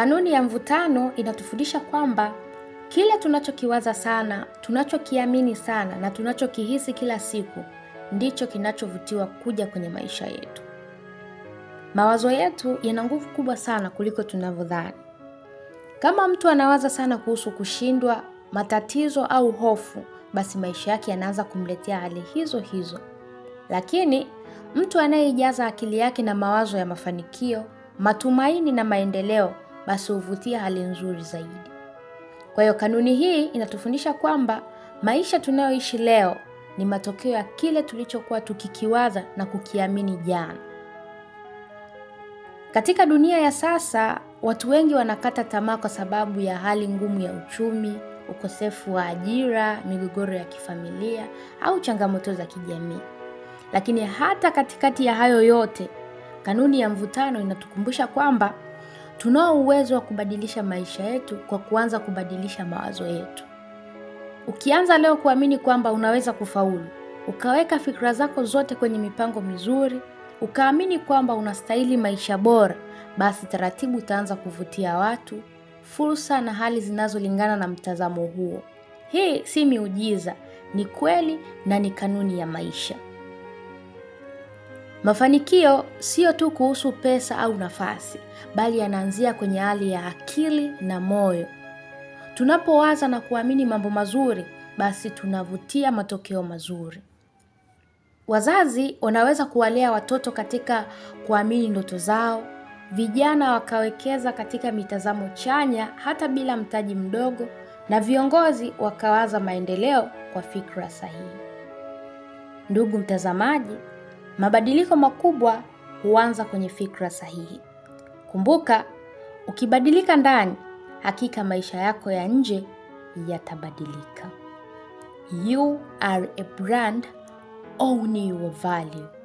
Kanuni ya mvutano inatufundisha kwamba kile tunachokiwaza sana, tunachokiamini sana na tunachokihisi kila siku ndicho kinachovutiwa kuja kwenye maisha yetu. Mawazo yetu yana nguvu kubwa sana kuliko tunavyodhani. Kama mtu anawaza sana kuhusu kushindwa, matatizo au hofu, basi maisha yake yanaanza kumletea hali hizo hizo. Lakini mtu anayeijaza akili yake na mawazo ya mafanikio, matumaini na maendeleo basi huvutia hali nzuri zaidi. Kwa hiyo kanuni hii inatufundisha kwamba maisha tunayoishi leo ni matokeo ya kile tulichokuwa tukikiwaza na kukiamini jana. Katika dunia ya sasa, watu wengi wanakata tamaa kwa sababu ya hali ngumu ya uchumi, ukosefu wa ajira, migogoro ya kifamilia au changamoto za kijamii. Lakini hata katikati ya hayo yote, kanuni ya mvutano inatukumbusha kwamba Tunao uwezo wa kubadilisha maisha yetu kwa kuanza kubadilisha mawazo yetu. Ukianza leo kuamini kwamba unaweza kufaulu, ukaweka fikra zako zote kwenye mipango mizuri, ukaamini kwamba unastahili maisha bora, basi taratibu utaanza kuvutia watu, fursa na hali zinazolingana na mtazamo huo. Hii si miujiza, ni kweli na ni kanuni ya maisha. Mafanikio sio tu kuhusu pesa au nafasi, bali yanaanzia kwenye hali ya akili na moyo. Tunapowaza na kuamini mambo mazuri, basi tunavutia matokeo mazuri. Wazazi wanaweza kuwalea watoto katika kuamini ndoto zao, vijana wakawekeza katika mitazamo chanya hata bila mtaji mdogo, na viongozi wakawaza maendeleo kwa fikra sahihi. Ndugu mtazamaji, Mabadiliko makubwa huanza kwenye fikra sahihi. Kumbuka, ukibadilika ndani, hakika maisha yako ya nje yatabadilika. You are a brand, own your value.